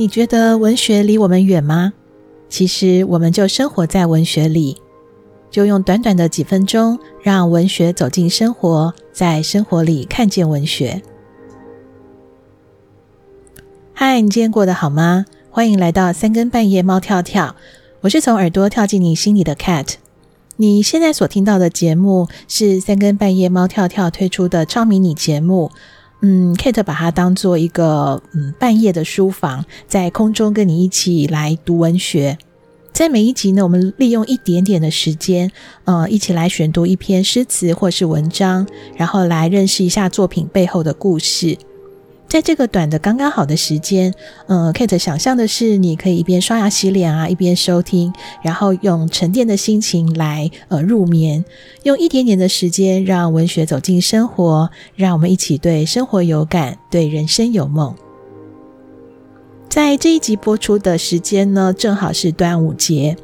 你覺得文學離我們遠嗎？其實我們就生活在文學裡，就用短短的幾分鐘，讓文學走進生活，在生活裡看見文學。嗨，你今天過得好嗎？歡迎來到三更半夜貓跳跳，我是從耳朵跳進你心裡的 Cat。你現在所聽到的節目是三更半夜貓跳跳推出的超迷你節目。嗯，Kate 把它當做一個嗯半夜的書房，在空中跟你一起來讀文學。在每一集呢，我們利用一點點的時間，嗯、呃，一起來選讀一篇詩詞或是文章，然後來認識一下作品背後的故事。在這個短的剛剛好的時間，嗯，呃，Kate 想象的是，你可以一邊刷牙洗臉啊，一邊收聽，然後用沉澱的心情來呃入眠，用一點點的時間讓文學走進生活，讓我們一起對生活有感，對人生有夢。在這一集播出的時間呢，正好是端午節。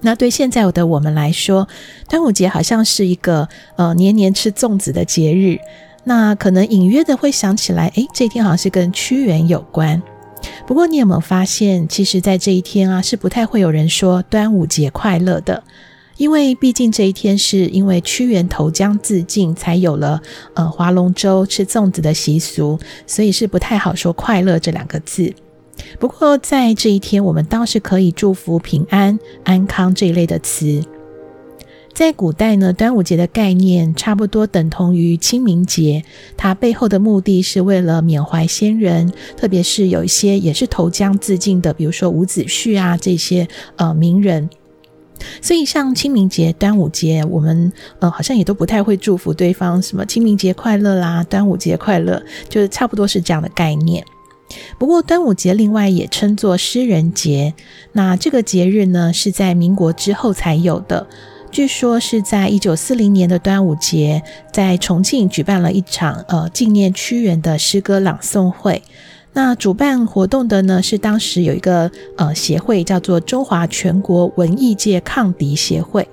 那對現在的我們來說，端午節好像是一個呃年年吃粽子的節日。那可能隱約的會想起來，誒，這一天好像是跟屈原有關。不過你有沒有發現，其實，在這一天啊，是不太會有人說端午節快樂的，因為畢竟這一天是因為屈原投江自盡，才有了呃划龍舟、吃粽子的習俗，所以是不太好說快樂這兩個字。不過在這一天，我們倒是可以祝福平安、安康這一類的詞。在古代呢，端午節的概念差不多等同於清明節，它背後的目的是為了緬懷先人，特別是有一些也是投江自盡的，比如說伍子胥啊這些呃名人。所以像清明節、端午節，我們呃好像也都不太會祝福對方什麼清明節快樂啦，端午節快樂，就差不多是這樣的概念。不過端午節另外也稱作詩人節，那這個節日呢是在民國之後才有的。據說是在一九四零年的端午節，在重慶舉辦了一場呃紀念屈原的詩歌朗誦會。那主辦活動的呢，是當時有一個呃協會，叫做中華全國文藝界抗敵協會。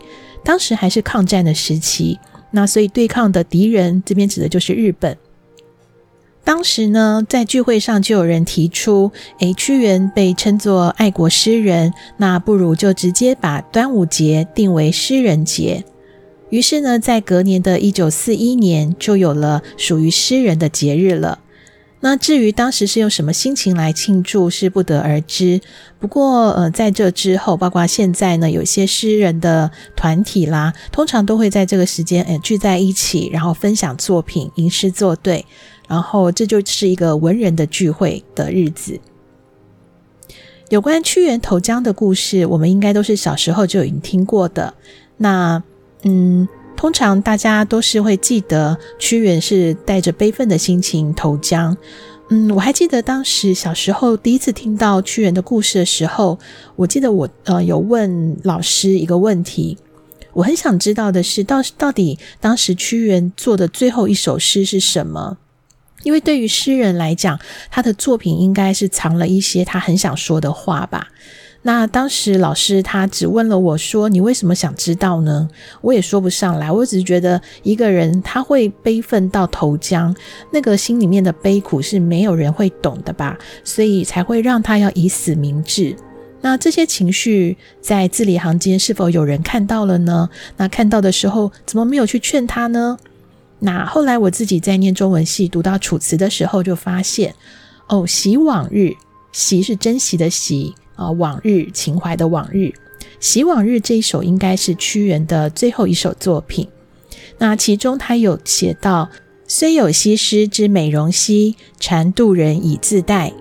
當時還是抗戰的時期，那所以對抗的敵人這邊指的就是日本。當時呢，在聚會上就有人提出：“哎，屈原被稱作愛國詩人，那不如就直接把端午節定為詩人節。”於是呢，在隔年的一九四一年，就有了屬於詩人的節日了。那至於當時是用什麼心情來慶祝，是不得而知。不過，呃，在這之後，包括現在呢，有些詩人的團體啦，通常都會在這個時間，誒，聚在一起，然後分享作品、吟詩作對。然後，這就是一個文人的聚會的日子。有關屈原投江的故事，我們應該都是小時候就已經聽過的。那，嗯，通常大家都是會記得屈原是帶着悲憤的心情投江。嗯，我還記得當時小時候第一次聽到屈原的故事的時候，我記得我呃有問老師一個問題，我很想知道的是，到到底當時屈原做的最後一首詩是什麼？因為對於詩人來講，他的作品應該是藏了一些他很想說的話吧。那當時老師他只問了我說：“你為什麼想知道呢？”我也說不上來，我只是覺得一個人他會悲憤到投江，那個心裡面的悲苦是沒有人會懂的吧，所以才會讓他要以死明志。那這些情緒在字裡行間是否有人看到了呢？那看到的時候怎麼沒有去勸他呢？那後來我自己在念中文系讀到《楚辭》的時候，就發現“哦，惜往日，惜是珍惜的惜，啊，往日情懷的往日，惜往日這一首應該是屈原的最後一首作品。那其中他有寫到：雖有西施之美容兮，讒妒入以自代。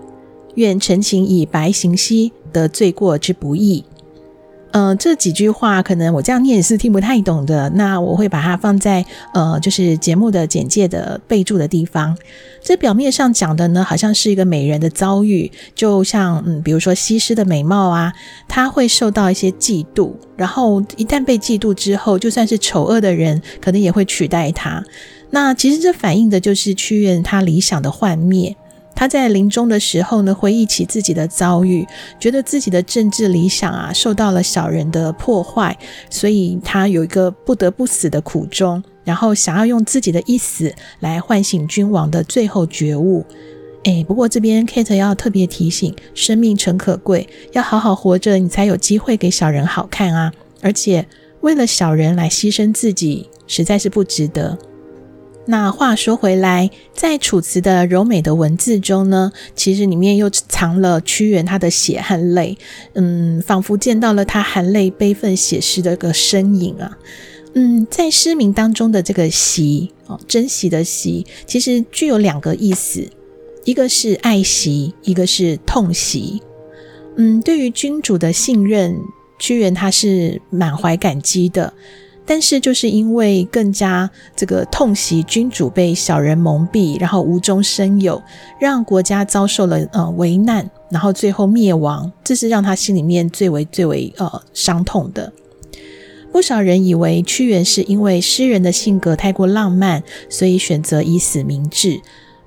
願陳情以白行兮，得罪過之不意。嗯、呃，這幾句話可能我這樣念是聽不太懂的，那我會把它放在呃，就是節目的簡介的備註的地方。這表面上講的呢，好像是一個美人的遭遇，就像嗯，比如說西施的美貌啊，她會受到一些嫉妒，然後一旦被嫉妒之後，就算是醜惡的人，可能也會取代她。那其實這反映的就是屈原他理想的幻滅。他在臨終的時候呢，回憶起自己的遭遇，覺得自己的政治理想啊，受到了小人的破壞，所以他有一個不得不死的苦衷，然後想要用自己的一死來喚醒君王的最後覺悟。欸，不過這邊 Kate 要特別提醒，生命誠可貴，要好好活着，你才有機會給小人好看啊！而且為了小人來犧牲自己，實在是不值得。那話說回來，在《楚辭》的柔美的文字中呢，其實裡面又藏了屈原他的血和淚，嗯，仿佛見到了他含淚悲憤寫詩的一個身影啊，嗯，在詩名當中的這個“惜”哦，珍惜的“惜”，其實具有兩個意思，一個是愛惜，一個是痛惜。嗯，對於君主的信任，屈原他是滿懷感激的。但是，就是因為更加這個痛惜君主被小人蒙蔽，然後無中生有，讓國家遭受了呃危難，然後最後滅亡，這是讓他心裡面最為最為呃傷痛的。不少人以為屈原是因為詩人的性格太過浪漫，所以選擇以死明志。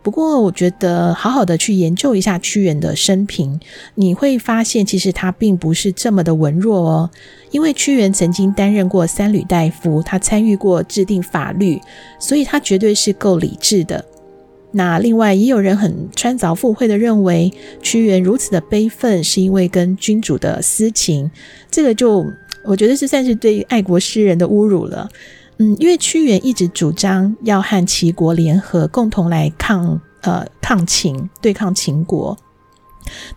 不過，我覺得好好的去研究一下屈原的生平，你會發現其實他並不是這麼的文弱哦。因為屈原曾經擔任過三閭大夫，他參與過制定法律，所以他絕對是夠理智的。那另外，也有人很穿鑿附會的認為屈原如此的悲憤是因為跟君主的私情，這個就我覺得是算是對愛國詩人的侮辱了。嗯，因為屈原一直主張要和齊國聯合，共同來抗呃抗秦，對抗秦國。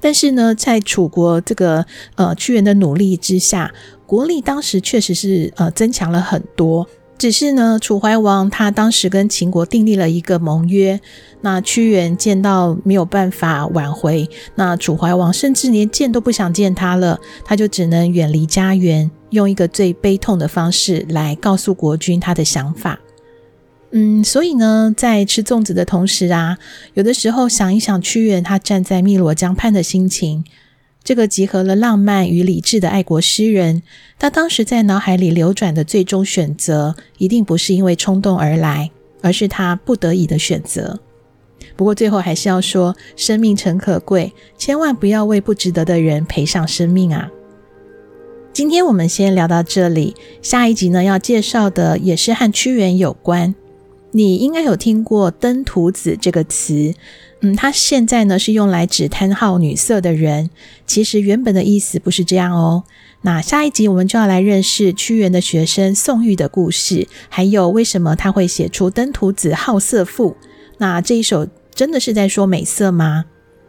但是呢，在楚國這個呃屈原的努力之下，國力當時確實是呃增強了很多。只是呢，楚懷王他當時跟秦國訂立了一個盟約，那屈原見到沒有辦法挽回，那楚懷王甚至連見都不想見他了，他就只能遠離家園。用一個最悲痛的方式來告訴國君他的想法。嗯，所以呢，在吃粽子的同時啊，有的時候想一想屈原他站在汨羅江畔的心情。這個集合了浪漫與理智的愛國詩人，他當時在腦海裡流轉的最終選擇，一定不是因為衝動而來，而是他不得已的選擇。不過最後還是要說，生命誠可貴，千萬不要為不值得的人賠上生命啊！今天我們先聊到這裡，下一集呢要介紹的也是和屈原有關。你應該有聽過“登徒子”這個詞，嗯，它現在呢是用來指貪好女色的人，其實原本的意思不是這樣哦。那下一集我們就要來認識屈原的學生宋玉的故事，還有為什麼他會寫出《登徒子好色賦》。那這一首真的是在說美色嗎？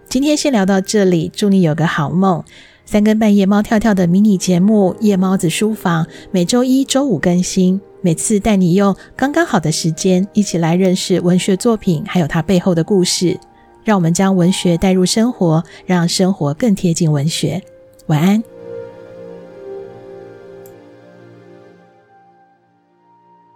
今天先聊到這裡，祝你有個好夢。三更半夜，貓跳跳的迷你節目《夜貓子書房》，每周一、周五更新，每次帶你用剛剛好的時間，一起來認識文學作品，還有它背後的故事。讓我們將文學帶入生活，讓生活更貼近文學。晚安。